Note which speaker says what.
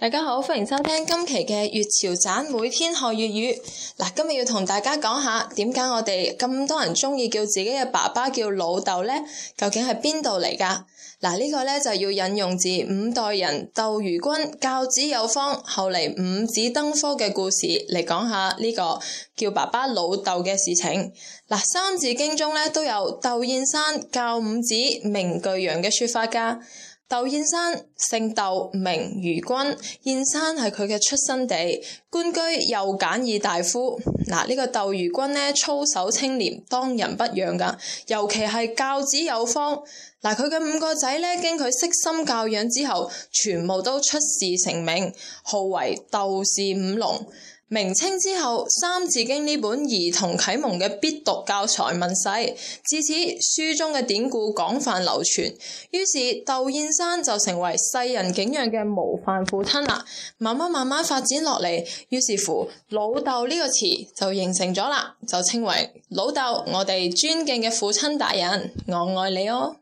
Speaker 1: 大家好，歡迎收聽今期嘅粵潮盞，每天學粵語。嗱，今日要同大家講下點解我哋咁多人中意叫自己嘅爸爸叫老竇呢？究竟係邊度嚟噶？嗱，呢個咧就要引用自五代人竇禹鈞教子有方，後嚟五子登科嘅故事嚟講下呢個叫爸爸老竇嘅事情。嗱，《三字經》中咧都有竇燕山教五子名俱揚嘅說法噶。竇燕山，姓竇，名禹鈞，燕山係佢嘅出生地。官居右諫議大夫。嗱，呢個竇禹鈞呢，操守清廉，當仁不讓噶。尤其係教子有方。嗱，佢嘅五個仔呢，經佢悉心教養之後，全部都出仕成名，號為竇氏五龍。明清之後，《三字經》呢本兒童啟蒙嘅必讀教材問世，自此書中嘅典故廣泛流傳，於是竇燕山就成為世人敬仰嘅模範父親啦。慢慢慢慢發展落嚟，於是乎老竇呢，這個詞就形成咗啦，就稱為老竇，我哋尊敬嘅父親大人，我愛你哦。